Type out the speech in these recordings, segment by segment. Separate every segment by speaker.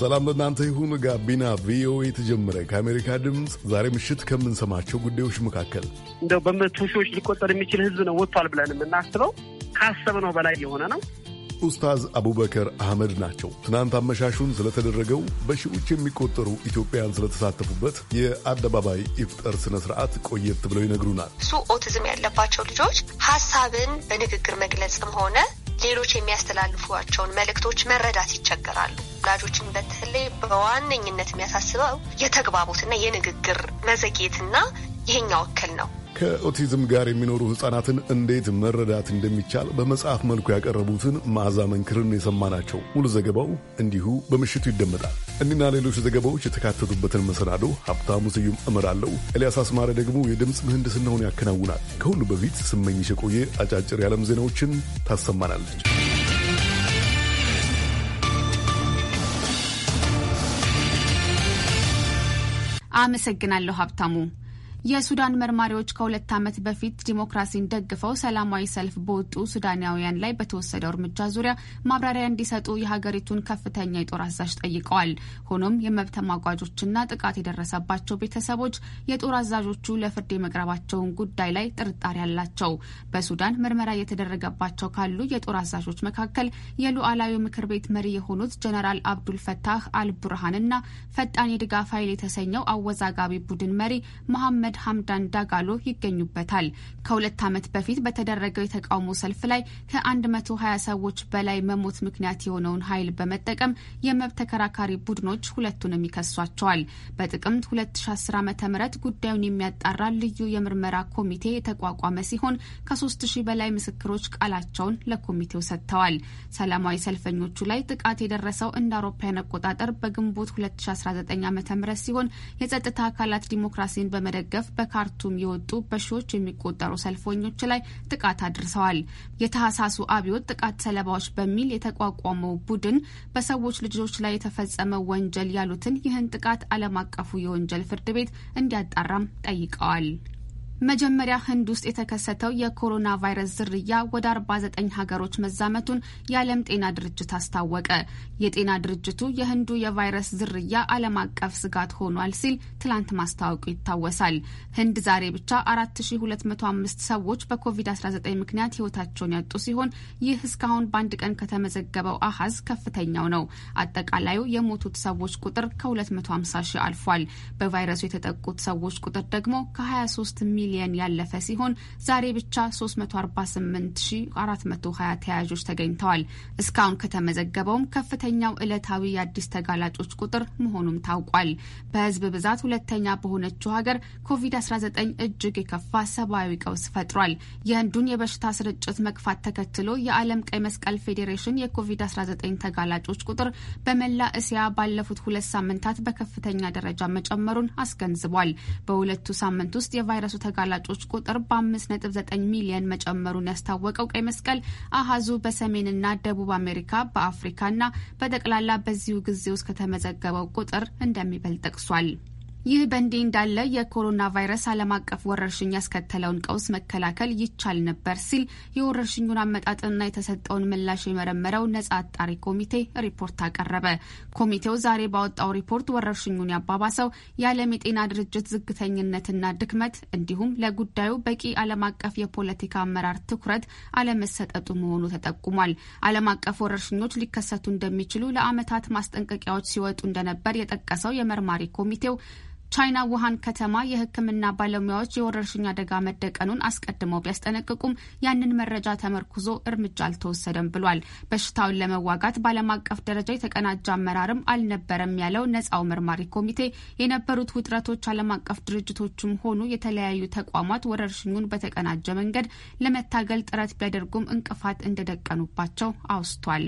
Speaker 1: ሰላም ለእናንተ ይሁን። ጋቢና ቪኦኤ የተጀመረ ከአሜሪካ ድምፅ ዛሬ ምሽት ከምንሰማቸው ጉዳዮች መካከል
Speaker 2: እንደው በመቶ ሺዎች ሊቆጠር የሚችል ህዝብ ነው ወጥቷል ብለን የምናስበው ካሰብነው በላይ የሆነ ነው።
Speaker 1: ኡስታዝ አቡበከር አህመድ ናቸው። ትናንት አመሻሹን ስለተደረገው በሺዎች የሚቆጠሩ ኢትዮጵያን ስለተሳተፉበት የአደባባይ ኢፍጠር ስነ ስርዓት ቆየት ብለው ይነግሩናል።
Speaker 3: እሱ ኦቲዝም ያለባቸው ልጆች ሀሳብን በንግግር መግለጽም ሆነ ሌሎች የሚያስተላልፏቸውን መልእክቶች መረዳት ይቸገራሉ። ወላጆችን በተለይ በዋነኝነት የሚያሳስበው የተግባቦትና የንግግር መዘግየትና ይሄኛው እክል ነው።
Speaker 1: ከኦቲዝም ጋር የሚኖሩ ሕፃናትን እንዴት መረዳት እንደሚቻል በመጽሐፍ መልኩ ያቀረቡትን መዓዛ መንክርን የሰማናቸው ሙሉ ዘገባው እንዲሁ በምሽቱ ይደመጣል። እኒና ሌሎች ዘገባዎች የተካተቱበትን መሰናዶ ሀብታሙ ስዩም እመራለሁ። ኤልያስ አስማረ ደግሞ የድምፅ ምህንድስናውን ያከናውናል። ከሁሉ በፊት ስመኝሽ የቆየ አጫጭር የዓለም ዜናዎችን ታሰማናለች።
Speaker 4: አመሰግናለሁ ሀብታሙ። የሱዳን መርማሪዎች ከሁለት ዓመት በፊት ዲሞክራሲን ደግፈው ሰላማዊ ሰልፍ በወጡ ሱዳናውያን ላይ በተወሰደው እርምጃ ዙሪያ ማብራሪያ እንዲሰጡ የሀገሪቱን ከፍተኛ የጦር አዛዥ ጠይቀዋል። ሆኖም የመብት ተሟጋቾችና ጥቃት የደረሰባቸው ቤተሰቦች የጦር አዛዦቹ ለፍርድ የመቅረባቸውን ጉዳይ ላይ ጥርጣሬ አላቸው። በሱዳን ምርመራ እየተደረገባቸው ካሉ የጦር አዛዦች መካከል የሉዓላዊ ምክር ቤት መሪ የሆኑት ጀነራል አብዱል ፈታህ አልቡርሃንና ፈጣን የድጋፍ ኃይል የተሰኘው አወዛጋቢ ቡድን መሪ መሐመድ አህመድ ሀምዳን ዳጋሎ ይገኙበታል። ከሁለት ዓመት በፊት በተደረገው የተቃውሞ ሰልፍ ላይ ከ120 ሰዎች በላይ መሞት ምክንያት የሆነውን ኃይል በመጠቀም የመብት ተከራካሪ ቡድኖች ሁለቱንም ይከሷቸዋል። በጥቅምት 2010 ዓ ም ጉዳዩን የሚያጣራ ልዩ የምርመራ ኮሚቴ የተቋቋመ ሲሆን ከ3000 በላይ ምስክሮች ቃላቸውን ለኮሚቴው ሰጥተዋል። ሰላማዊ ሰልፈኞቹ ላይ ጥቃት የደረሰው እንደ አውሮፓውያን አቆጣጠር በግንቦት 2019 ዓ ም ሲሆን የጸጥታ አካላት ዲሞክራሲን በመደገፍ ለመደገፍ በካርቱም የወጡ በሺዎች የሚቆጠሩ ሰልፈኞች ላይ ጥቃት አድርሰዋል። የታህሳሱ አብዮት ጥቃት ሰለባዎች በሚል የተቋቋመው ቡድን በሰዎች ልጆች ላይ የተፈጸመ ወንጀል ያሉትን ይህን ጥቃት ዓለም አቀፉ የወንጀል ፍርድ ቤት እንዲያጣራም ጠይቀዋል። መጀመሪያ ህንድ ውስጥ የተከሰተው የኮሮና ቫይረስ ዝርያ ወደ 49 ሀገሮች መዛመቱን የዓለም ጤና ድርጅት አስታወቀ። የጤና ድርጅቱ የህንዱ የቫይረስ ዝርያ ዓለም አቀፍ ስጋት ሆኗል ሲል ትላንት ማስታወቁ ይታወሳል። ህንድ ዛሬ ብቻ 4205 ሰዎች በኮቪድ-19 ምክንያት ህይወታቸውን ያጡ ሲሆን ይህ እስካሁን በአንድ ቀን ከተመዘገበው አሀዝ ከፍተኛው ነው። አጠቃላዩ የሞቱት ሰዎች ቁጥር ከ250 ሺህ አልፏል። በቫይረሱ የተጠቁት ሰዎች ቁጥር ደግሞ ከ23 ሚሊየን ያለፈ ሲሆን ዛሬ ብቻ 348420 ተያዦች ተገኝተዋል። እስካሁን ከተመዘገበውም ከፍተኛው ዕለታዊ የአዲስ ተጋላጮች ቁጥር መሆኑም ታውቋል። በህዝብ ብዛት ሁለተኛ በሆነችው ሀገር ኮቪድ-19 እጅግ የከፋ ሰብአዊ ቀውስ ፈጥሯል። የህንዱን የበሽታ ስርጭት መግፋት ተከትሎ የዓለም ቀይ መስቀል ፌዴሬሽን የኮቪድ-19 ተጋላጮች ቁጥር በመላ እስያ ባለፉት ሁለት ሳምንታት በከፍተኛ ደረጃ መጨመሩን አስገንዝቧል። በሁለቱ ሳምንት ውስጥ የቫይረሱ ተ ተጋላጮች ቁጥር በ5.9 ሚሊየን መጨመሩን ያስታወቀው ቀይ መስቀል አሃዙ በሰሜንና ደቡብ አሜሪካ በአፍሪካና በጠቅላላ በዚሁ ጊዜ ውስጥ ከተመዘገበው ቁጥር እንደሚበልጥ ጠቅሷል። ይህ በእንዲህ እንዳለ የኮሮና ቫይረስ ዓለም አቀፍ ወረርሽኝ ያስከተለውን ቀውስ መከላከል ይቻል ነበር ሲል የወረርሽኙን አመጣጥና የተሰጠውን ምላሽ የመረመረው ነጻ አጣሪ ኮሚቴ ሪፖርት አቀረበ። ኮሚቴው ዛሬ ባወጣው ሪፖርት ወረርሽኙን ያባባሰው የዓለም የጤና ድርጅት ዝግተኝነትና ድክመት እንዲሁም ለጉዳዩ በቂ ዓለም አቀፍ የፖለቲካ አመራር ትኩረት አለመሰጠጡ መሆኑ ተጠቁሟል። ዓለም አቀፍ ወረርሽኞች ሊከሰቱ እንደሚችሉ ለዓመታት ማስጠንቀቂያዎች ሲወጡ እንደነበር የጠቀሰው የመርማሪ ኮሚቴው ቻይና ውሃን ከተማ የሕክምና ባለሙያዎች የወረርሽኝ አደጋ መደቀኑን አስቀድመው ቢያስጠነቅቁም ያንን መረጃ ተመርኩዞ እርምጃ አልተወሰደም ብሏል። በሽታውን ለመዋጋት በዓለም አቀፍ ደረጃ የተቀናጀ አመራርም አልነበረም ያለው ነፃው መርማሪ ኮሚቴ የነበሩት ውጥረቶች ዓለም አቀፍ ድርጅቶችም ሆኑ የተለያዩ ተቋማት ወረርሽኙን በተቀናጀ መንገድ ለመታገል ጥረት ቢያደርጉም እንቅፋት እንደደቀኑባቸው አውስቷል።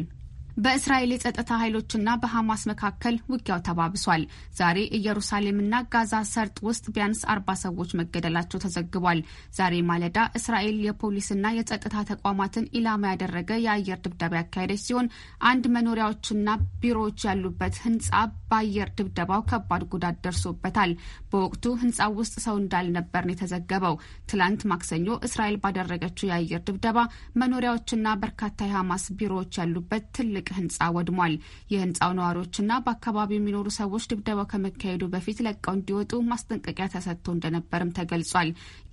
Speaker 4: በእስራኤል የጸጥታ ኃይሎችና በሐማስ መካከል ውጊያው ተባብሷል። ዛሬ ኢየሩሳሌምና ጋዛ ሰርጥ ውስጥ ቢያንስ አርባ ሰዎች መገደላቸው ተዘግቧል። ዛሬ ማለዳ እስራኤል የፖሊስና የጸጥታ ተቋማትን ኢላማ ያደረገ የአየር ድብደባ ያካሄደች ሲሆን አንድ መኖሪያዎችና ቢሮዎች ያሉበት ህንጻ በአየር ድብደባው ከባድ ጉዳት ደርሶበታል። በወቅቱ ህንጻው ውስጥ ሰው እንዳልነበር ነው የተዘገበው። ትላንት ማክሰኞ እስራኤል ባደረገችው የአየር ድብደባ መኖሪያዎችና በርካታ የሐማስ ቢሮዎች ያሉበት ትልቅ ህንፃ ወድሟል። የህንፃው ነዋሪዎችና በአካባቢው የሚኖሩ ሰዎች ድብደባው ከመካሄዱ በፊት ለቀው እንዲወጡ ማስጠንቀቂያ ተሰጥቶ እንደነበርም ተገልጿል።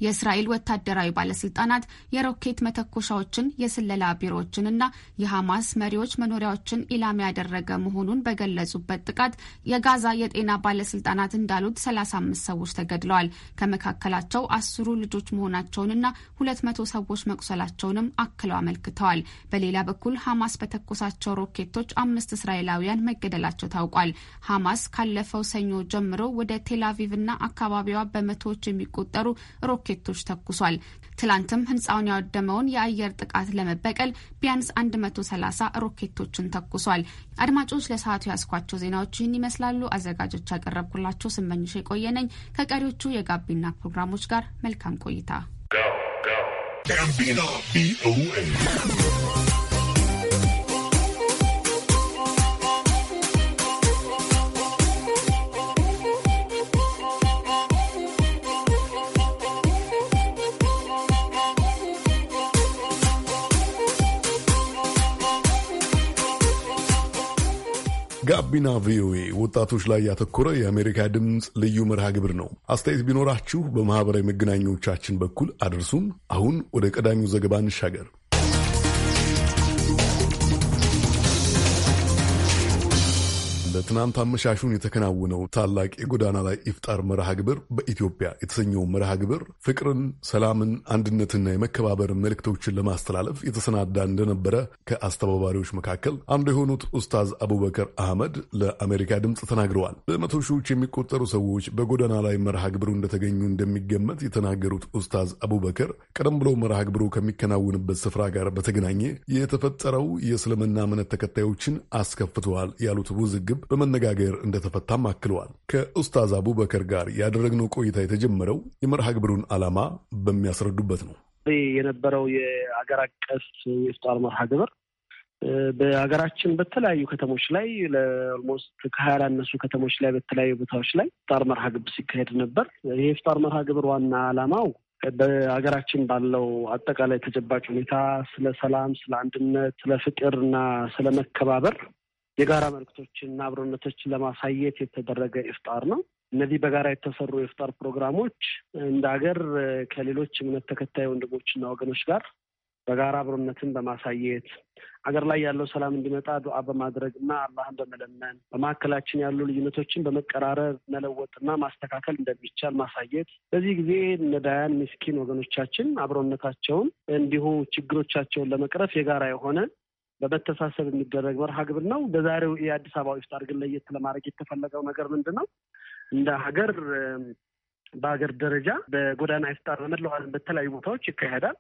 Speaker 4: የእስራኤል ወታደራዊ ባለስልጣናት የሮኬት መተኮሻዎችን፣ የስለላ ቢሮዎችንና የሐማስ መሪዎች መኖሪያዎችን ኢላማ ያደረገ መሆኑን በገለጹበት ጥቃት የጋዛ የጤና ባለስልጣናት እንዳሉት 35 ሰዎች ተገድለዋል። ከመካከላቸው አስሩ ልጆች መሆናቸውንና 200 ሰዎች መቁሰላቸውንም አክለው አመልክተዋል። በሌላ በኩል ሐማስ በተኮሳቸው ሮኬቶች አምስት እስራኤላውያን መገደላቸው ታውቋል። ሐማስ ካለፈው ሰኞ ጀምሮ ወደ ቴላቪቭና አካባቢዋ በመቶዎች የሚቆጠሩ ሮኬቶች ተኩሷል። ትላንትም ህንፃውን ያወደመውን የአየር ጥቃት ለመበቀል ቢያንስ 130 ሮኬቶችን ተኩሷል። አድማጮች ለሰዓቱ ያስኳቸው ዜናዎች ይህን ይመስላሉ። አዘጋጆች ያቀረብኩላቸው ስመኝሽ የቆየነኝ ከቀሪዎቹ የጋቢና ፕሮግራሞች ጋር መልካም ቆይታ።
Speaker 1: ጋቢና ቪኦኤ ወጣቶች ላይ ያተኮረ የአሜሪካ ድምፅ ልዩ መርሃ ግብር ነው። አስተያየት ቢኖራችሁ በማህበራዊ መገናኛዎቻችን በኩል አድርሱን። አሁን ወደ ቀዳሚው ዘገባ እንሻገር። ትናንት አመሻሹን የተከናወነው ታላቅ የጎዳና ላይ ኢፍጣር መርሃ ግብር በኢትዮጵያ የተሰኘው መርሃ ግብር ፍቅርን፣ ሰላምን፣ አንድነትና የመከባበር መልእክቶችን ለማስተላለፍ የተሰናዳ እንደነበረ ከአስተባባሪዎች መካከል አንዱ የሆኑት ኡስታዝ አቡበከር አህመድ ለአሜሪካ ድምፅ ተናግረዋል። በመቶ ሺዎች የሚቆጠሩ ሰዎች በጎዳና ላይ መርሃ ግብሩ እንደተገኙ እንደሚገመት የተናገሩት ኡስታዝ አቡበከር ቀደም ብሎ መርሃ ግብሩ ከሚከናወንበት ስፍራ ጋር በተገናኘ የተፈጠረው የእስልምና እምነት ተከታዮችን አስከፍተዋል ያሉት ውዝግብ በመነጋገር እንደተፈታም አክለዋል። ከኡስታዝ አቡበከር ጋር ያደረግነው ቆይታ የተጀመረው የመርሃ ግብሩን ዓላማ በሚያስረዱበት ነው።
Speaker 2: የነበረው የአገር አቀፍ የኢፍጣር መርሃ ግብር በሀገራችን በተለያዩ ከተሞች ላይ ለኦልሞስት ከሀያ ያላነሱ ከተሞች ላይ በተለያዩ ቦታዎች ላይ ፍጣር መርሃ ግብር ሲካሄድ ነበር። ይህ ፍጣር መርሃ ግብር ዋና ዓላማው በሀገራችን ባለው አጠቃላይ ተጨባጭ ሁኔታ ስለ ሰላም፣ ስለ አንድነት፣ ስለ ፍቅር እና ስለ መከባበር የጋራ መልክቶችንና አብሮነቶችን ለማሳየት የተደረገ ኢፍጣር ነው። እነዚህ በጋራ የተሰሩ የፍጣር ፕሮግራሞች እንደ ሀገር ከሌሎች እምነት ተከታይ ወንድሞችና ወገኖች ጋር በጋራ አብሮነትን በማሳየት አገር ላይ ያለው ሰላም እንዲመጣ ዱዓ በማድረግና አላህን በመለመን በመካከላችን ያሉ ልዩነቶችን በመቀራረብ መለወጥና ማስተካከል እንደሚቻል ማሳየት። በዚህ ጊዜ ነዳያን፣ ምስኪን ወገኖቻችን አብሮነታቸውን እንዲሁ ችግሮቻቸውን ለመቅረፍ የጋራ የሆነ በመተሳሰብ የሚደረግ መርሃ ግብር ነው። በዛሬው የአዲስ አበባ ኢፍጣር ግን ለየት ለማድረግ የተፈለገው ነገር ምንድን ነው? እንደ ሀገር በሀገር ደረጃ በጎዳና ይፍጣር በመላው ዓለም በተለያዩ ቦታዎች ይካሄዳል።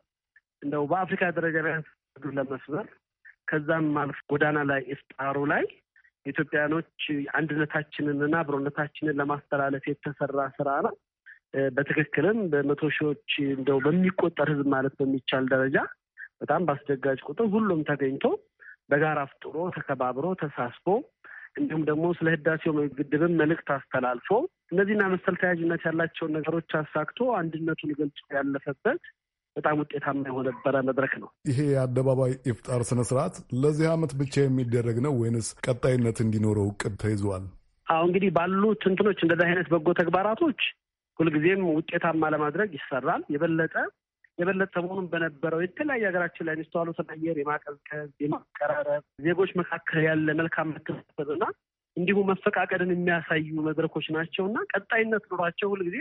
Speaker 2: እንደው በአፍሪካ ደረጃ ላይ ለመስበር ከዛም ማለፍ ጎዳና ላይ ይፍጣሩ ላይ ኢትዮጵያኖች አንድነታችንን እና አብሮነታችንን ለማስተላለፍ የተሰራ ስራ ነው። በትክክልም በመቶ ሺዎች እንደው በሚቆጠር ህዝብ ማለት በሚቻል ደረጃ በጣም በአስደጋጅ ቁጥር ሁሉም ተገኝቶ በጋራ አፍጥሮ ተከባብሮ ተሳስቦ እንዲሁም ደግሞ ስለ ህዳሴው ግድብም መልእክት አስተላልፎ እነዚህና መሰል ተያያዥነት ያላቸውን ነገሮች አሳክቶ አንድነቱን ገልጾ ያለፈበት በጣም ውጤታማ የሆነበረ መድረክ ነው።
Speaker 1: ይሄ የአደባባይ ኢፍጣር ስነስርዓት ለዚህ ዓመት ብቻ የሚደረግ ነው ወይንስ ቀጣይነት እንዲኖረው እቅድ ተይዟል?
Speaker 2: አሁ እንግዲህ ባሉት እንትኖች እንደዚህ አይነት በጎ ተግባራቶች ሁልጊዜም ውጤታማ ለማድረግ ይሰራል። የበለጠ የበለጠ ሰሞኑን በነበረው የተለያየ ሀገራችን ላይ የሚስተዋሉትን አየር የማቀዝቀዝ የማቀራረብ፣ ዜጎች መካከል ያለ መልካም መተሳሰብ እና እንዲሁም መፈቃቀድን የሚያሳዩ መድረኮች ናቸው እና ቀጣይነት ኑሯቸው ሁልጊዜ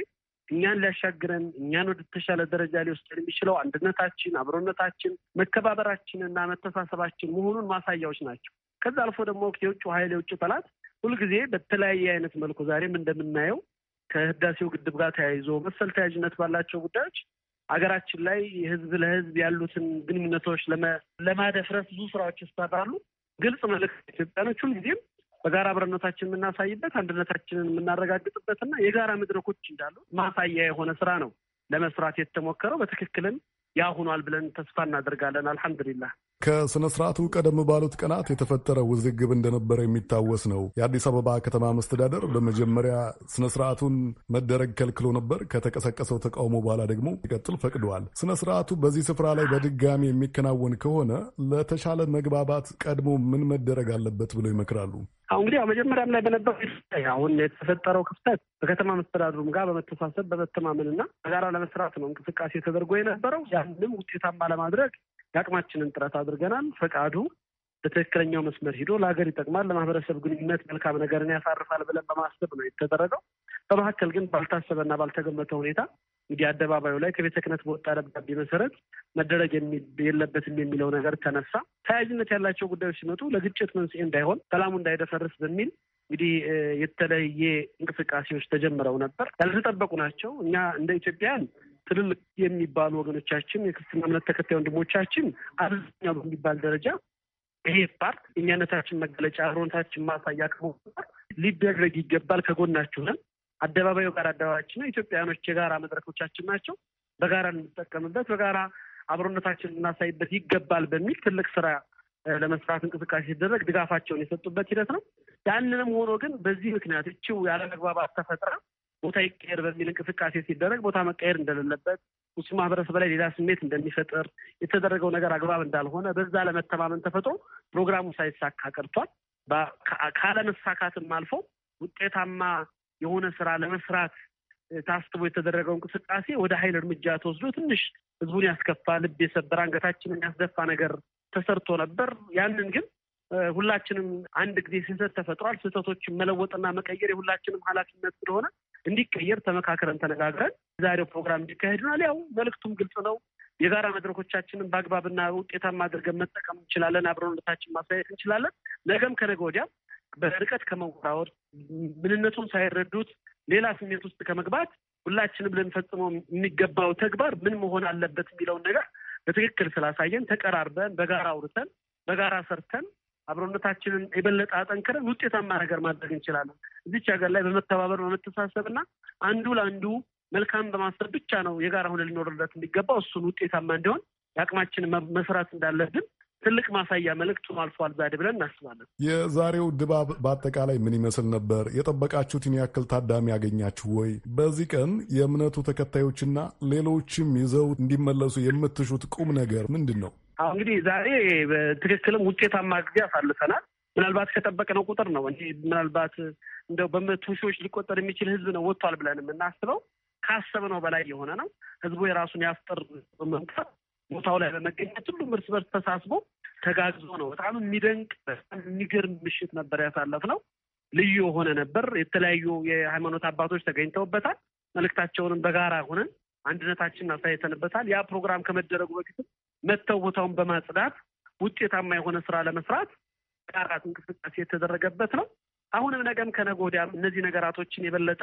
Speaker 2: እኛን ሊያሻግረን እኛን ወደ ተሻለ ደረጃ ሊወስደን የሚችለው አንድነታችን፣ አብሮነታችን፣ መከባበራችን እና መተሳሰባችን መሆኑን ማሳያዎች ናቸው። ከዛ አልፎ ደግሞ የውጭ ኃይል የውጭ ጠላት ሁልጊዜ በተለያየ አይነት መልኩ ዛሬም እንደምናየው ከህዳሴው ግድብ ጋር ተያይዞ መሰል ተያዥነት ባላቸው ጉዳዮች ሀገራችን ላይ የህዝብ ለህዝብ ያሉትን ግንኙነቶች ለማደፍረስ ብዙ ስራዎች ይሰራሉ። ግልጽ መልዕክት ኢትዮጵያኖች ሁልጊዜም በጋራ አብረነታችን የምናሳይበት አንድነታችንን የምናረጋግጥበትና የጋራ መድረኮች እንዳሉ ማሳያ የሆነ ስራ ነው ለመስራት የተሞከረው። በትክክልም ያሁኗል ብለን ተስፋ እናደርጋለን። አልሐምዱሊላህ
Speaker 1: ከሥነ ሥርዓቱ ቀደም ባሉት ቀናት የተፈጠረ ውዝግብ እንደነበረ የሚታወስ ነው። የአዲስ አበባ ከተማ መስተዳደር በመጀመሪያ ሥነ ሥርዓቱን መደረግ ከልክሎ ነበር። ከተቀሰቀሰው ተቃውሞ በኋላ ደግሞ ይቀጥል ፈቅደዋል። ሥነ ሥርዓቱ በዚህ ስፍራ ላይ በድጋሚ የሚከናወን ከሆነ ለተሻለ መግባባት ቀድሞ ምን መደረግ አለበት ብለው ይመክራሉ?
Speaker 2: አሁ እንግዲህ መጀመሪያም ላይ በነበረው አሁን የተፈጠረው ክፍተት በከተማ መስተዳድሩም ጋር በመተሳሰብ በመተማመን እና በጋራ ለመስራት ነው እንቅስቃሴ ተደርጎ የነበረው ያንንም ውጤታማ ለማድረግ የአቅማችንን ጥረት አድርገናል። ፈቃዱ በትክክለኛው መስመር ሂዶ ለሀገር ይጠቅማል፣ ለማህበረሰብ ግንኙነት መልካም ነገርን ያሳርፋል ብለን በማሰብ ነው የተደረገው። በመካከል ግን ባልታሰበና ባልተገመተ ሁኔታ እንግዲህ አደባባዩ ላይ ከቤተ ክህነት በወጣ ደብዳቤ መሰረት መደረግ የለበትም የሚለው ነገር ተነሳ። ተያያዥነት ያላቸው ጉዳዮች ሲመጡ ለግጭት መንስኤ እንዳይሆን፣ ሰላሙ እንዳይደፈርስ በሚል እንግዲህ የተለየ እንቅስቃሴዎች ተጀምረው ነበር። ያልተጠበቁ ናቸው። እኛ እንደ ኢትዮጵያን ትልልቅ የሚባሉ ወገኖቻችን የክርስትና እምነት ተከታይ ወንድሞቻችን አብዛኛው በሚባል ደረጃ ይሄ ፓርት እኛነታችን መገለጫ ሮነታችን ማሳያ ከሆነ ሊደረግ ይገባል። ከጎናችሁ ነን። አደባባዩ ጋር አደባባያችን ኢትዮጵያውያኖች የጋራ መድረኮቻችን ናቸው። በጋራ እንጠቀምበት፣ በጋራ አብሮነታችን ልናሳይበት ይገባል በሚል ትልቅ ስራ ለመስራት እንቅስቃሴ ሲደረግ ድጋፋቸውን የሰጡበት ሂደት ነው። ያንንም ሆኖ ግን በዚህ ምክንያት እችው ያለመግባባት ተፈጥራ ቦታ ይቀየር በሚል እንቅስቃሴ ሲደረግ ቦታ መቀየር እንደሌለበት እሱ ማህበረሰብ ላይ ሌላ ስሜት እንደሚፈጥር የተደረገው ነገር አግባብ እንዳልሆነ በዛ ለመተማመን ተፈጥሮ ፕሮግራሙ ሳይሳካ ቀርቷል። ካለመሳካትም አልፎ ውጤታማ የሆነ ስራ ለመስራት ታስቦ የተደረገው እንቅስቃሴ ወደ ኃይል እርምጃ ተወስዶ ትንሽ ህዝቡን ያስከፋ፣ ልብ የሰበረ፣ አንገታችንን ያስደፋ ነገር ተሰርቶ ነበር። ያንን ግን ሁላችንም አንድ ጊዜ ስህተት ተፈጥሯል። ስህተቶችን መለወጥና መቀየር የሁላችንም ኃላፊነት ስለሆነ እንዲቀየር ተመካከረን ተነጋግረን የዛሬው ፕሮግራም እንዲካሄድናል። ያው መልእክቱም ግልጽ ነው። የጋራ መድረኮቻችንን በአግባብና ውጤታማ አድርገን መጠቀም እንችላለን። አብሮነታችን ማሳየት እንችላለን። ነገም ከነገ ወዲያም በርቀት ከመወራወር ምንነቱን ሳይረዱት ሌላ ስሜት ውስጥ ከመግባት ሁላችንም ልንፈጽመው የሚገባው ተግባር ምን መሆን አለበት የሚለውን ነገር በትክክል ስላሳየን ተቀራርበን በጋራ አውርተን በጋራ ሰርተን አብሮነታችንን የበለጠ አጠንክረን ውጤታማ ነገር ማድረግ እንችላለን። እዚች ሀገር ላይ በመተባበር በመተሳሰብ እና አንዱ ለአንዱ መልካም በማሰብ ብቻ ነው የጋራ ሆነ ልኖርለት የሚገባው። እሱን ውጤታማ እንዲሆን የአቅማችንን መስራት እንዳለብን ትልቅ ማሳያ መልእክቱ አልፏል ዛሬ ብለን እናስባለን።
Speaker 1: የዛሬው ድባብ በአጠቃላይ ምን ይመስል ነበር? የጠበቃችሁትን ያክል ታዳሚ ያገኛችሁ ወይ? በዚህ ቀን የእምነቱ ተከታዮችና ሌሎችም ይዘው እንዲመለሱ የምትሹት ቁም ነገር ምንድን ነው?
Speaker 2: እንግዲህ ዛሬ በትክክልም ውጤታማ ጊዜ አሳልፈናል። ምናልባት ከጠበቅነው ቁጥር ነው እንጂ ምናልባት እንደው በመቶ ሺዎች ሊቆጠር የሚችል ህዝብ ነው ወጥቷል ብለን የምናስበው ካሰብነው በላይ የሆነ ነው። ህዝቡ የራሱን ያፍጥር በመምጣት ቦታው ላይ በመገኘት ሁሉም እርስ በርስ ተሳስቦ ተጋግዞ ነው። በጣም የሚደንቅ በጣም የሚገርም ምሽት ነበር ያሳለፍነው። ልዩ የሆነ ነበር። የተለያዩ የሃይማኖት አባቶች ተገኝተውበታል። መልእክታቸውንም በጋራ ሆነን አንድነታችንን አሳይተንበታል። ያ ፕሮግራም ከመደረጉ በፊትም መጥተው ቦታውን በማጽዳት ውጤታማ የሆነ ስራ ለመስራት ቃራት እንቅስቃሴ የተደረገበት ነው። አሁንም ነገም ከነገ ወዲያም እነዚህ ነገራቶችን የበለጠ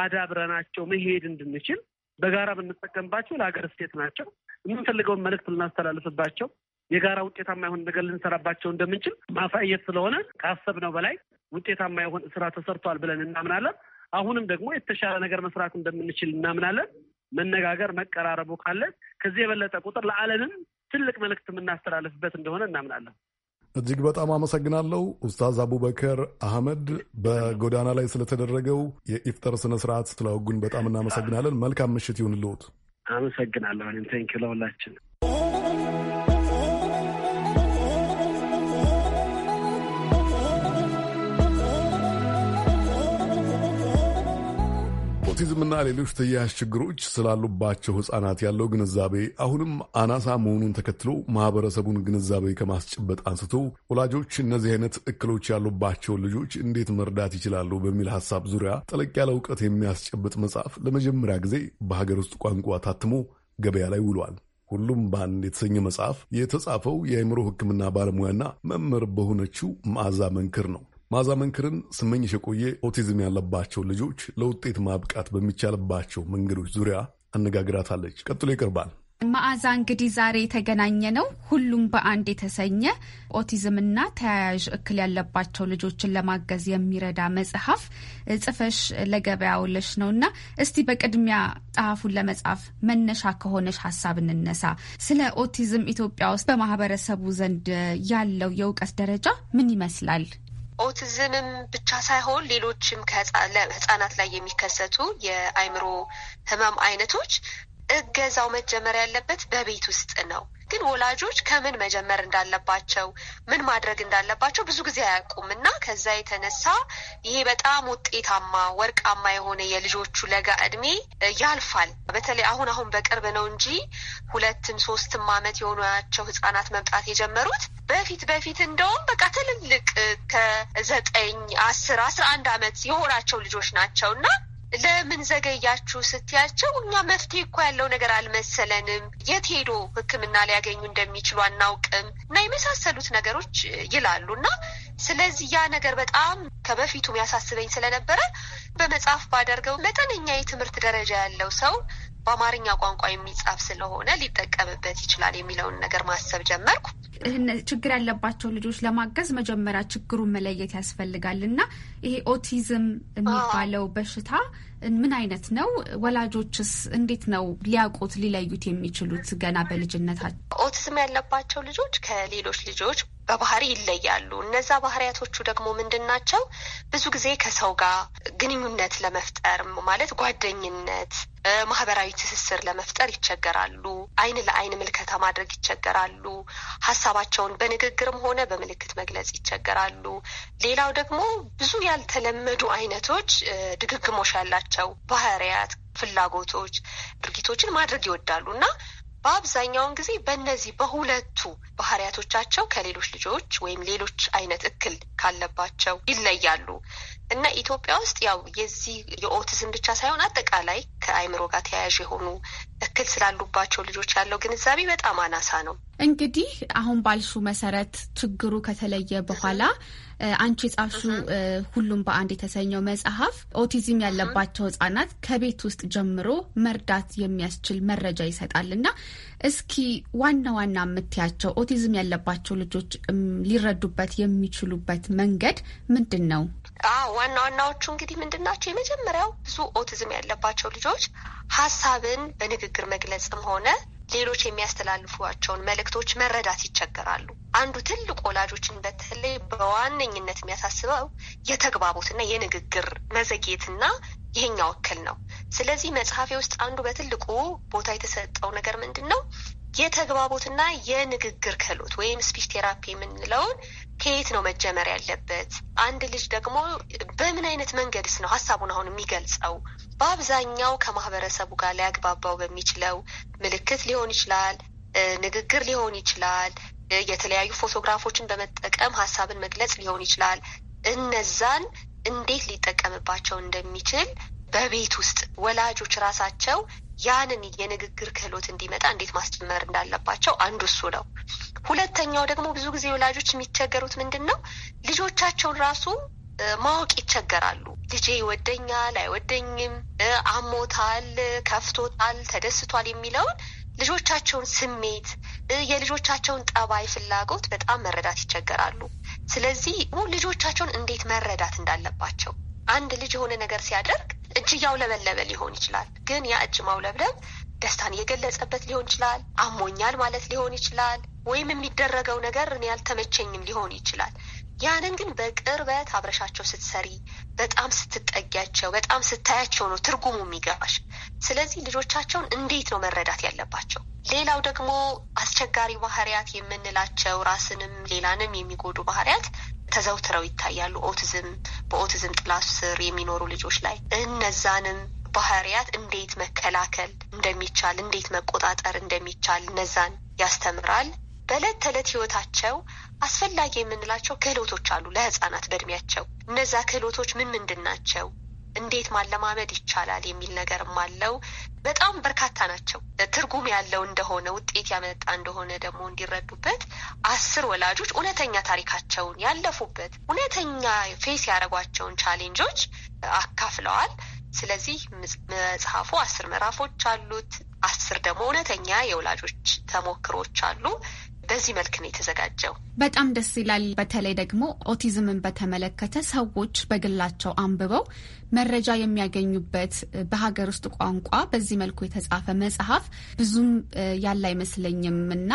Speaker 2: አዳብረናቸው መሄድ እንድንችል በጋራ ብንጠቀምባቸው ለሀገር እሴት ናቸው። የምንፈልገውን መልእክት ልናስተላልፍባቸው የጋራ ውጤታማ የሆነ ነገር ልንሰራባቸው እንደምንችል ማሳየት ስለሆነ ካሰብነው በላይ ውጤታማ የሆነ ስራ ተሰርቷል ብለን እናምናለን። አሁንም ደግሞ የተሻለ ነገር መስራት እንደምንችል እናምናለን። መነጋገር፣ መቀራረቡ ካለ ከዚህ የበለጠ ቁጥር ለዓለምም ትልቅ መልእክት የምናስተላልፍበት እንደሆነ እናምናለን።
Speaker 1: እጅግ በጣም አመሰግናለሁ ኡስታዝ አቡበከር አህመድ በጎዳና ላይ ስለተደረገው የኢፍጠር ስነ ስርዓት ስላወጉን በጣም እናመሰግናለን። መልካም ምሽት ይሁንልዎት።
Speaker 2: አመሰግናለሁ። ቴንኪው ለሁላችን
Speaker 1: አውቲዝምና ሌሎች ተያያዥ ችግሮች ስላሉባቸው ሕጻናት ያለው ግንዛቤ አሁንም አናሳ መሆኑን ተከትሎ ማህበረሰቡን ግንዛቤ ከማስጨበጥ አንስቶ ወላጆች እነዚህ አይነት እክሎች ያሉባቸውን ልጆች እንዴት መርዳት ይችላሉ በሚል ሀሳብ ዙሪያ ጠለቅ ያለ እውቀት የሚያስጨብጥ መጽሐፍ ለመጀመሪያ ጊዜ በሀገር ውስጥ ቋንቋ ታትሞ ገበያ ላይ ውሏል። ሁሉም በአንድ የተሰኘ መጽሐፍ የተጻፈው የአእምሮ ሕክምና ባለሙያና መምህር በሆነችው መዓዛ መንክር ነው። ማዛ መንክርን ስመኝሽ የቆየ ኦቲዝም ያለባቸው ልጆች ለውጤት ማብቃት በሚቻልባቸው መንገዶች ዙሪያ አነጋግራታለች። ቀጥሎ ይቀርባል።
Speaker 4: መዓዛ እንግዲህ ዛሬ የተገናኘ ነው ሁሉም በአንድ የተሰኘ ኦቲዝምና ተያያዥ እክል ያለባቸው ልጆችን ለማገዝ የሚረዳ መጽሐፍ ጽፈሽ ለገበያ ውለሽ ነው እና እስቲ በቅድሚያ ጸሐፉን ለመጻፍ መነሻ ከሆነሽ ሀሳብ እንነሳ። ስለ ኦቲዝም ኢትዮጵያ ውስጥ በማህበረሰቡ ዘንድ ያለው የእውቀት ደረጃ ምን ይመስላል?
Speaker 3: ኦቲዝምም ብቻ ሳይሆን ሌሎችም ከህጻናት ላይ የሚከሰቱ የአይምሮ ህመም አይነቶች እገዛው መጀመር ያለበት በቤት ውስጥ ነው። ግን ወላጆች ከምን መጀመር እንዳለባቸው ምን ማድረግ እንዳለባቸው ብዙ ጊዜ አያውቁም እና ከዛ የተነሳ ይሄ በጣም ውጤታማ ወርቃማ የሆነ የልጆቹ ለጋ እድሜ ያልፋል። በተለይ አሁን አሁን በቅርብ ነው እንጂ ሁለትም ሶስትም አመት የሆኗቸው ህጻናት መምጣት የጀመሩት በፊት በፊት እንደውም በቃ ትልልቅ ከዘጠኝ አስር አስራ አንድ አመት የሆናቸው ልጆች ናቸው እና ለምን ዘገያችሁ ስትያቸው እኛ መፍትሄ እኮ ያለው ነገር አልመሰለንም፣ የት ሄዶ ሕክምና ሊያገኙ እንደሚችሉ አናውቅም እና የመሳሰሉት ነገሮች ይላሉ እና ስለዚህ ያ ነገር በጣም ከበፊቱ ያሳስበኝ ስለነበረ በመጽሐፍ ባደርገው መጠነኛ የትምህርት ደረጃ ያለው ሰው በአማርኛ ቋንቋ የሚጻፍ ስለሆነ ሊጠቀምበት ይችላል የሚለውን ነገር ማሰብ ጀመርኩ።
Speaker 4: ችግር ያለባቸው ልጆች ለማገዝ መጀመሪያ ችግሩን መለየት ያስፈልጋል እና ይሄ ኦቲዝም የሚባለው በሽታ ምን አይነት ነው? ወላጆችስ እንዴት ነው ሊያውቁት ሊለዩት የሚችሉት ገና በልጅነታቸው?
Speaker 3: ኦቲዝም ያለባቸው ልጆች ከሌሎች ልጆች በባህሪ ይለያሉ። እነዛ ባህሪያቶቹ ደግሞ ምንድን ናቸው? ብዙ ጊዜ ከሰው ጋር ግንኙነት ለመፍጠር ማለት ጓደኝነት፣ ማህበራዊ ትስስር ለመፍጠር ይቸገራሉ። አይን ለአይን ምልከታ ማድረግ ይቸገራሉ። ሀሳባቸውን በንግግርም ሆነ በምልክት መግለጽ ይቸገራሉ። ሌላው ደግሞ ብዙ ያልተለመዱ አይነቶች ድግግሞሽ ያላቸው ባህሪያት፣ ፍላጎቶች፣ ድርጊቶችን ማድረግ ይወዳሉ እና በአብዛኛውን ጊዜ በእነዚህ በሁለቱ ባህሪያቶቻቸው ከሌሎች ልጆች ወይም ሌሎች አይነት እክል ካለባቸው ይለያሉ። እና ኢትዮጵያ ውስጥ ያው የዚህ የኦቲዝም ብቻ ሳይሆን አጠቃላይ ከአይምሮ ጋር ተያያዥ የሆኑ እክል ስላሉባቸው ልጆች ያለው ግንዛቤ በጣም አናሳ ነው።
Speaker 4: እንግዲህ አሁን ባልሹ መሰረት ችግሩ ከተለየ በኋላ አንቺ የጻፍሹ ሁሉም በአንድ የተሰኘው መጽሐፍ ኦቲዝም ያለባቸው ህጻናት ከቤት ውስጥ ጀምሮ መርዳት የሚያስችል መረጃ ይሰጣል እና እስኪ ዋና ዋና የምትያቸው ኦቲዝም ያለባቸው ልጆች ሊረዱበት የሚችሉበት መንገድ ምንድን ነው?
Speaker 3: አዎ ዋና ዋናዎቹ እንግዲህ ምንድን ናቸው? የመጀመሪያው ብዙ ኦቲዝም ያለባቸው ልጆች ሀሳብን በንግግር መግለጽም ሆነ ሌሎች የሚያስተላልፏቸውን መልእክቶች መረዳት ይቸገራሉ። አንዱ ትልቅ ወላጆችን በተለይ በዋነኝነት የሚያሳስበው የተግባቦትና የንግግር መዘግየትና ይሄኛ ወክል ነው። ስለዚህ መጽሐፌ ውስጥ አንዱ በትልቁ ቦታ የተሰጠው ነገር ምንድን ነው? የተግባቦትና የንግግር ክህሎት ወይም ስፒች ቴራፒ የምንለውን ከየት ነው መጀመር ያለበት? አንድ ልጅ ደግሞ በምን አይነት መንገድስ ነው ሀሳቡን አሁን የሚገልጸው? በአብዛኛው ከማህበረሰቡ ጋር ሊያግባባው በሚችለው ምልክት ሊሆን ይችላል፣ ንግግር ሊሆን ይችላል፣ የተለያዩ ፎቶግራፎችን በመጠቀም ሀሳብን መግለጽ ሊሆን ይችላል። እነዛን እንዴት ሊጠቀምባቸው እንደሚችል በቤት ውስጥ ወላጆች ራሳቸው ያንን የንግግር ክህሎት እንዲመጣ እንዴት ማስጀመር እንዳለባቸው አንዱ እሱ ነው። ሁለተኛው ደግሞ ብዙ ጊዜ ወላጆች የሚቸገሩት ምንድን ነው፣ ልጆቻቸውን ራሱ ማወቅ ይቸገራሉ። ልጄ ይወደኛል አይወደኝም፣ አሞታል፣ ከፍቶታል፣ ተደስቷል የሚለውን ልጆቻቸውን ስሜት የልጆቻቸውን ጠባይ፣ ፍላጎት በጣም መረዳት ይቸገራሉ። ስለዚህ ልጆቻቸውን እንዴት መረዳት እንዳለባቸው አንድ ልጅ የሆነ ነገር ሲያደርግ እጅ እያውለበለበ ሊሆን ይችላል። ግን ያ እጅ ማውለብለብ ደስታን እየገለጸበት ሊሆን ይችላል። አሞኛል ማለት ሊሆን ይችላል። ወይም የሚደረገው ነገር እኔ ያልተመቸኝም ሊሆን ይችላል። ያንን ግን በቅርበት አብረሻቸው ስትሰሪ፣ በጣም ስትጠጊያቸው፣ በጣም ስታያቸው ነው ትርጉሙ የሚገባሽ። ስለዚህ ልጆቻቸውን እንዴት ነው መረዳት ያለባቸው? ሌላው ደግሞ አስቸጋሪ ባህሪያት የምንላቸው ራስንም ሌላንም የሚጎዱ ባህሪያት ተዘውትረው ይታያሉ። ኦቲዝም በኦቲዝም ጥላ ስር የሚኖሩ ልጆች ላይ እነዛንም ባህሪያት እንዴት መከላከል እንደሚቻል፣ እንዴት መቆጣጠር እንደሚቻል እነዛን ያስተምራል። በዕለት ተዕለት ህይወታቸው አስፈላጊ የምንላቸው ክህሎቶች አሉ። ለህጻናት በእድሜያቸው እነዛ ክህሎቶች ምን ምንድን ናቸው? እንዴት ማለማመድ ይቻላል የሚል ነገርም አለው። በጣም በርካታ ናቸው። ትርጉም ያለው እንደሆነ ውጤት ያመጣ እንደሆነ ደግሞ እንዲረዱበት አስር ወላጆች እውነተኛ ታሪካቸውን ያለፉበት እውነተኛ ፌስ ያደረጓቸውን ቻሌንጆች አካፍለዋል። ስለዚህ መጽሐፉ አስር ምዕራፎች አሉት። አስር ደግሞ እውነተኛ የወላጆች ተሞክሮች አሉ። በዚህ መልክ ነው የተዘጋጀው።
Speaker 4: በጣም ደስ ይላል። በተለይ ደግሞ ኦቲዝምን በተመለከተ ሰዎች በግላቸው አንብበው መረጃ የሚያገኙበት በሀገር ውስጥ ቋንቋ በዚህ መልኩ የተጻፈ መጽሐፍ ብዙም ያለ አይመስለኝም እና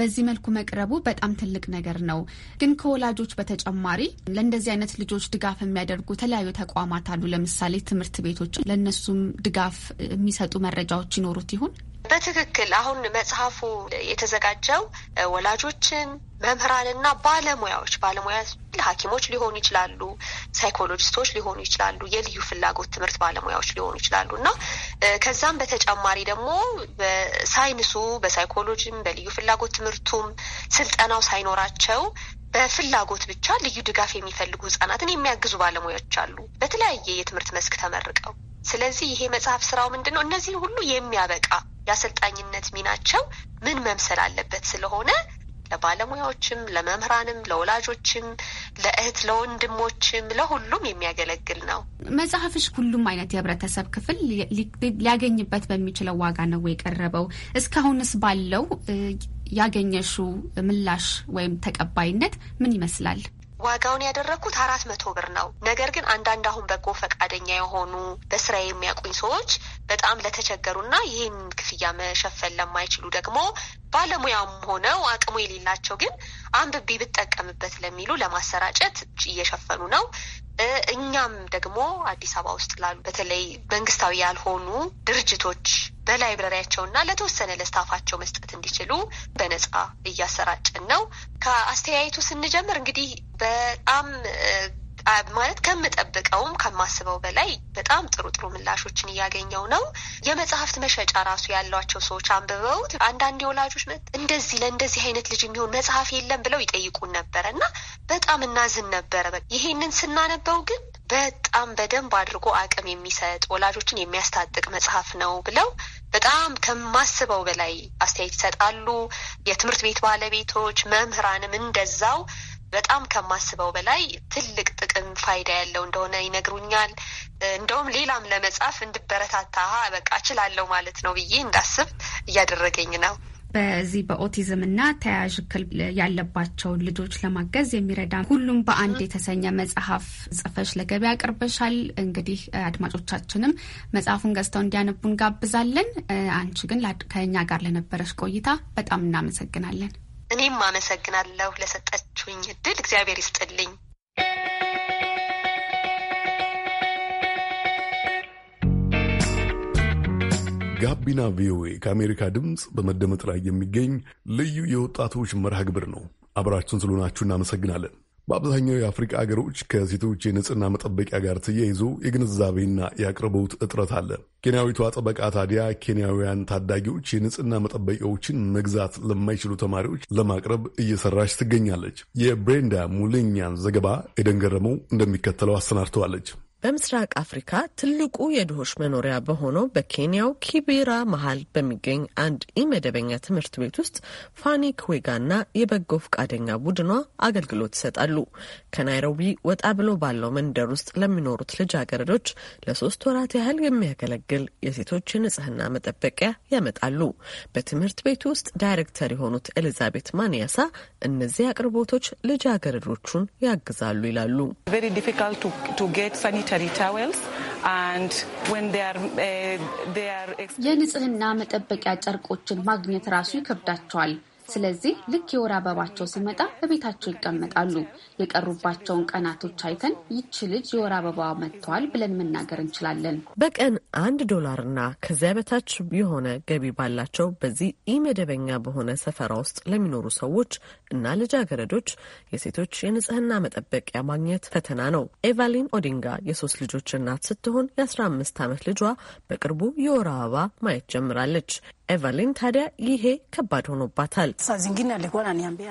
Speaker 4: በዚህ መልኩ መቅረቡ በጣም ትልቅ ነገር ነው። ግን ከወላጆች በተጨማሪ ለእንደዚህ አይነት ልጆች ድጋፍ የሚያደርጉ የተለያዩ ተቋማት አሉ። ለምሳሌ ትምህርት ቤቶች ለእነሱም ድጋፍ የሚሰጡ መረጃዎች ይኖሩት ይሆን?
Speaker 3: በትክክል አሁን መጽሐፉ የተዘጋጀው ወላጆችን መምህራንና ባለሙያዎች ባለሙያ ሐኪሞች ሊሆኑ ይችላሉ፣ ሳይኮሎጂስቶች ሊሆኑ ይችላሉ፣ የልዩ ፍላጎት ትምህርት ባለሙያዎች ሊሆኑ ይችላሉ እና ከዛም በተጨማሪ ደግሞ በሳይንሱ በሳይኮሎጂም በልዩ ፍላጎት ትምህርቱም ስልጠናው ሳይኖራቸው በፍላጎት ብቻ ልዩ ድጋፍ የሚፈልጉ ህጻናትን የሚያግዙ ባለሙያዎች አሉ በተለያየ የትምህርት መስክ ተመርቀው። ስለዚህ ይሄ መጽሐፍ ስራው ምንድን ነው? እነዚህን ሁሉ የሚያበቃ የአሰልጣኝነት ሚናቸው ምን መምሰል አለበት ስለሆነ ለባለሙያዎችም፣ ለመምህራንም፣ ለወላጆችም፣ ለእህት ለወንድሞችም፣ ለሁሉም የሚያገለግል ነው።
Speaker 4: መጽሐፍሽ ሁሉም አይነት የህብረተሰብ ክፍል ሊያገኝበት በሚችለው ዋጋ ነው የቀረበው። እስካሁንስ ባለው ያገኘሹ ምላሽ ወይም ተቀባይነት ምን ይመስላል?
Speaker 3: ዋጋውን ያደረግኩት አራት መቶ ብር ነው። ነገር ግን አንዳንድ አሁን በጎ ፈቃደኛ የሆኑ በስራ የሚያውቁኝ ሰዎች በጣም ለተቸገሩና ይህን ክፍያ መሸፈን ለማይችሉ ደግሞ ባለሙያም ሆነው አቅሙ የሌላቸው ግን አንብቤ ብጠቀምበት ለሚሉ ለማሰራጨት እየሸፈኑ ነው። እኛም ደግሞ አዲስ አበባ ውስጥ ላሉ በተለይ መንግስታዊ ያልሆኑ ድርጅቶች በላይብረሪያቸውና ለተወሰነ ለስታፋቸው መስጠት እንዲችሉ በነጻ እያሰራጭን ነው። ከአስተያየቱ ስንጀምር እንግዲህ በጣም ማለት ከምጠብቀውም ከማስበው በላይ በጣም ጥሩ ጥሩ ምላሾችን እያገኘው ነው። የመጽሐፍት መሸጫ ራሱ ያሏቸው ሰዎች አንብበውት አንዳንድ የወላጆች እንደዚህ ለእንደዚህ አይነት ልጅ የሚሆን መጽሐፍ የለም ብለው ይጠይቁን ነበረ እና በጣም እናዝን ነበረ። ይሄንን ስናነበው ግን በጣም በደንብ አድርጎ አቅም የሚሰጥ ወላጆችን የሚያስታጥቅ መጽሐፍ ነው ብለው በጣም ከማስበው በላይ አስተያየት ይሰጣሉ። የትምህርት ቤት ባለቤቶች መምህራንም እንደዛው በጣም ከማስበው በላይ ትልቅ ጥቅም ፋይዳ ያለው እንደሆነ ይነግሩኛል። እንደውም ሌላም ለመጻፍ እንድበረታታ በቃ እችላለሁ ማለት ነው ብዬ እንዳስብ እያደረገኝ ነው።
Speaker 4: በዚህ በኦቲዝም እና ተያያዥ እክል ያለባቸውን ልጆች ለማገዝ የሚረዳ ሁሉም በአንድ የተሰኘ መጽሐፍ ጽፈሽ ለገበያ አቅርበሻል። እንግዲህ አድማጮቻችንም መጽሐፉን ገዝተው እንዲያነቡ እንጋብዛለን። አንቺ ግን ከኛ ጋር ለነበረሽ ቆይታ በጣም እናመሰግናለን።
Speaker 3: እኔም አመሰግናለሁ ለሰጠች ላደረጋችሁኝ እድል እግዚአብሔር ይስጥልኝ።
Speaker 1: ጋቢና ቪኦኤ ከአሜሪካ ድምፅ በመደመጥ ላይ የሚገኝ ልዩ የወጣቶች መርሃ ግብር ነው። አብራችሁን ስለሆናችሁ እናመሰግናለን። በአብዛኛው የአፍሪካ ሀገሮች ከሴቶች የንጽህና መጠበቂያ ጋር ተያይዞ የግንዛቤና የአቅርቦት እጥረት አለ። ኬንያዊቷ ጠበቃ ታዲያ ኬንያውያን ታዳጊዎች የንጽህና መጠበቂያዎችን መግዛት ለማይችሉ ተማሪዎች ለማቅረብ እየሰራች ትገኛለች። የብሬንዳ ሙሊኛን ዘገባ የደንገረመው እንደሚከተለው አሰናድተዋለች።
Speaker 5: በምስራቅ አፍሪካ ትልቁ የድሆች መኖሪያ በሆነው በኬንያው ኪቢራ መሀል በሚገኝ አንድ ኢመደበኛ ትምህርት ቤት ውስጥ ፋኒ ክዌጋና የበጎ ፈቃደኛ ቡድኗ አገልግሎት ይሰጣሉ። ከናይሮቢ ወጣ ብሎ ባለው መንደር ውስጥ ለሚኖሩት ልጃገረዶች ለሶስት ወራት ያህል የሚያገለግል የሴቶች ንጽህና መጠበቂያ ያመጣሉ። በትምህርት ቤቱ ውስጥ ዳይሬክተር የሆኑት ኤሊዛቤት ማንያሳ እነዚህ አቅርቦቶች ልጃገረዶቹን ያግዛሉ ይላሉ።
Speaker 6: Eh,
Speaker 4: የንጽህና መጠበቂያ ጨርቆችን ማግኘት ራሱ ይከብዳቸዋል። ስለዚህ ልክ የወር አበባቸው ሲመጣ በቤታቸው ይቀመጣሉ። የቀሩባቸውን ቀናቶች አይተን ይቺ ልጅ የወር አበባ መጥተዋል ብለን መናገር እንችላለን።
Speaker 5: በቀን አንድ እና ከዚያ በታች የሆነ ገቢ ባላቸው በዚህ ኢመደበኛ በሆነ ሰፈራ ውስጥ ለሚኖሩ ሰዎች እና ልጃገረዶች የሴቶች የንጽህና መጠበቂያ ማግኘት ፈተና ነው። ኤቫሊን ኦዲንጋ የሶስት ልጆች እናት ስትሆን የአስራ አምስት ዓመት ልጇ በቅርቡ የወር አበባ ማየት ጀምራለች። ኤቨሊን ታዲያ ይሄ ከባድ ሆኖባታል።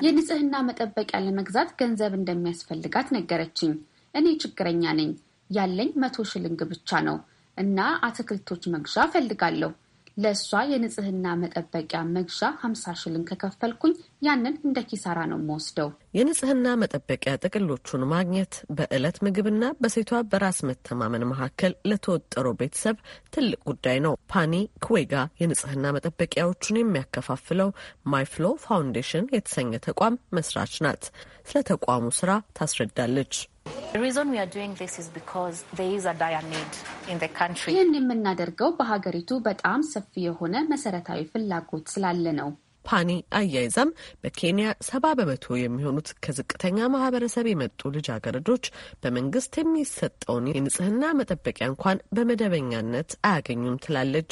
Speaker 4: የንጽህና መጠበቂያ ለመግዛት ገንዘብ እንደሚያስፈልጋት ነገረችኝ። እኔ ችግረኛ ነኝ፣ ያለኝ መቶ ሽልንግ ብቻ ነው እና አትክልቶች መግዣ እፈልጋለሁ ለእሷ የንጽህና መጠበቂያ መግዣ 5ምሳ ሽልን ከከፈልኩኝ ያንን እንደ ኪሳራ ነው
Speaker 5: የምወስደው። የንጽህና መጠበቂያ ጥቅሎቹን ማግኘት በዕለት ምግብና በሴቷ በራስ መተማመን መካከል ለተወጠረው ቤተሰብ ትልቅ ጉዳይ ነው። ፓኒ ክዌጋ የንጽህና መጠበቂያዎቹን የሚያከፋፍለው ማይፍሎ ፋውንዴሽን የተሰኘ ተቋም መስራች ናት። ስለ ተቋሙ ስራ ታስረዳለች።
Speaker 4: ይህን የምናደርገው በሀገሪቱ በጣም ሰፊ የሆነ መሰረታዊ ፍላጎት ስላለ ነው።
Speaker 5: ፓኒ አያይዛም በኬንያ ሰባ በመቶ የሚሆኑት ከዝቅተኛ ማህበረሰብ የመጡ ልጃገረዶች በመንግስት የሚሰጠውን የንጽህና መጠበቂያ እንኳን በመደበኛነት አያገኙም ትላለች።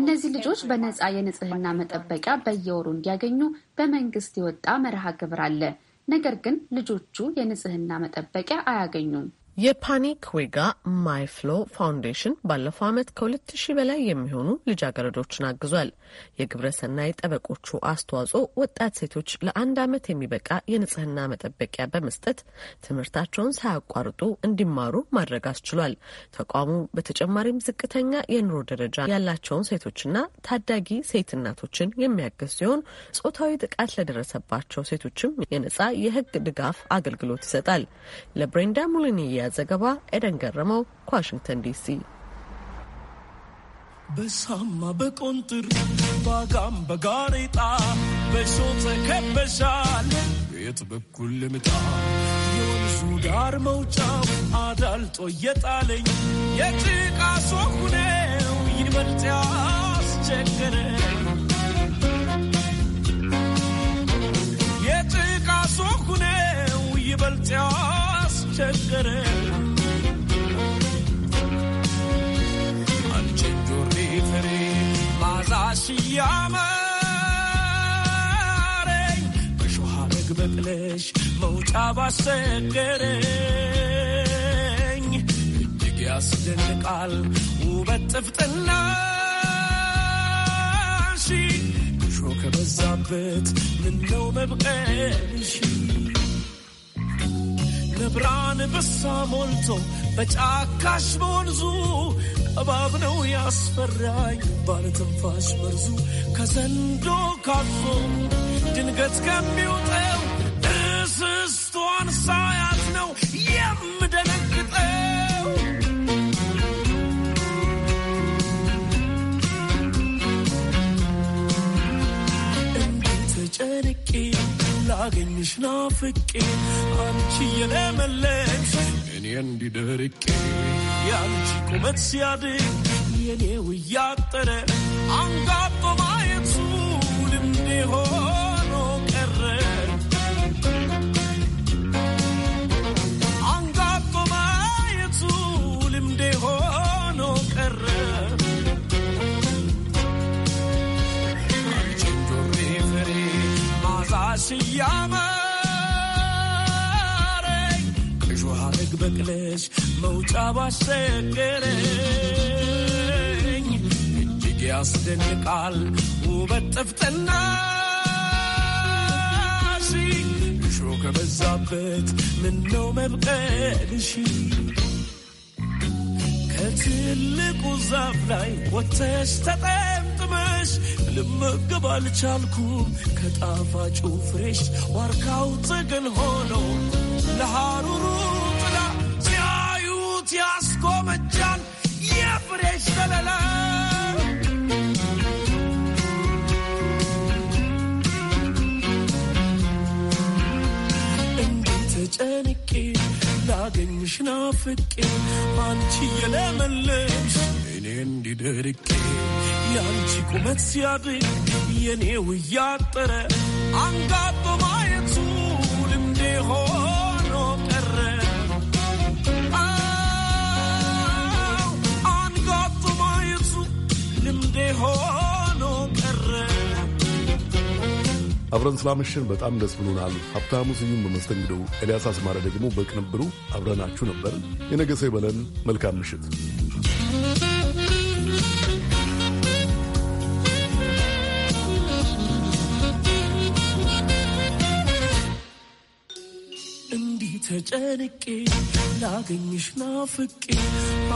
Speaker 3: እነዚህ ልጆች
Speaker 4: በነጻ የንጽህና መጠበቂያ በየወሩ እንዲያገኙ በመንግስት የወጣ መርሃ ግብር አለ። ነገር ግን ልጆቹ የንጽህና መጠበቂያ
Speaker 5: አያገኙም። የፓኒክ ዌጋ ማይፍሎ ፋውንዴሽን ባለፈው ዓመት ከ200 በላይ የሚሆኑ ልጃገረዶችን አግዟል። የግብረሰናይ ጠበቆቹ አስተዋጽኦ ወጣት ሴቶች ለአንድ ዓመት የሚበቃ የንጽህና መጠበቂያ በመስጠት ትምህርታቸውን ሳያቋርጡ እንዲማሩ ማድረግ አስችሏል። ተቋሙ በተጨማሪም ዝቅተኛ የኑሮ ደረጃ ያላቸውን ሴቶችና ታዳጊ ሴት እናቶችን የሚያግዝ ሲሆን ጾታዊ ጥቃት ለደረሰባቸው ሴቶችም የነጻ የሕግ ድጋፍ አገልግሎት ይሰጣል። ለብሬንዳ ሙልኒያ ዘገባ ኤደን ገረመው ከዋሽንግተን ዲሲ።
Speaker 6: በሳማ በቆንጥር ባጋም በጋሬጣ በሾተ ከበሻል ቤት በኩል ልምጣ የወንዙ ዳር መውጫው አዳልጦ እየጣለኝ የጭቃ ሶኩኔው ይበልጥ ያስቸገረኝ የጭቃ ሶኩኔው ይበልጥ ቸገረ አንቺን ጆሪ ፍሬ ማዛሽ ያማረኝ በሾሃ በቅለሽ መውጫ ባሰገረኝ እጅግ ያስደንቃል ውበት ጥፍጥናሽ ሾ ከበዛበት ምነው መብቀልሽ ብርሃን በሳ ሞልቶ በጫካሽ በወንዙ እባብ ነው ያስፈራኝ ባለ ትንፋሽ መርዙ ከዘንዶ ካፎ ድንገት ከሚውጠው ሳገኝሽ ናፍቄ አንቺ የለመለምሽ እኔ እንዲደርቄ የአንቺ ቁመት ሲያድግ የኔው እያጠረ አንጋጦ ማየቱ ልምድ ሆነ ያማረኝ ቀይሾ ሐረግ በቅለሽ መውጫ ባሸገረኝ እጅግ ያስደንቃል ውበት ጥፍጥናሽ እሾ ከበዛበት ምን ነው መብቀልሽ ከትልቁ ዛፍ ላይ ወተሽ ተጠ ፍሬሽ ልመገብ አልቻልኩም ከጣፋጩ ፍሬሽ ዋርካው ጥግን ሆኖ ለሐሩሩ ጥላ ሲያዩት ያስጎመጃል የፍሬሽ ዘለላ ተጨንቄ ላገኝሽ ናፍቄ አንቺ የለመለሽ እኔ እንዲደርቄ ያንቺ ቁመት ሲያድግ የኔው እያጠረ አንጋጦ ማየቱ ልምዴ ሆኖ ቀረ። አንጋጦ ማየቱ ልምዴ ሆኖ ቀረ።
Speaker 1: አብረን ስላመሸን በጣም ደስ ብሎናል። ሀብታሙ ስዩም በመስተንግዶው፣ ኤልያስ አስማረ ደግሞ በቅንብሩ አብረናችሁ ነበር። የነገሰ በለን ይበለን። መልካም ምሽት።
Speaker 6: ተጨንቄ ላገኝሽ ናፍቄ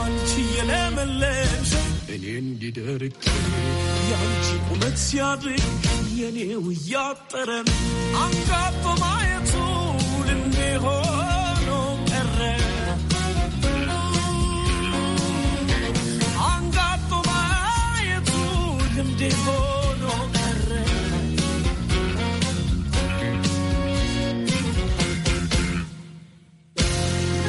Speaker 6: አንቺ የለመለምሽ እኔ እንዲደርቄ ቁመት ሲያድግ የኔው እያጠረን አንጋት በማየቱ ሆኖ ቀረ ልምዴ ሆኖ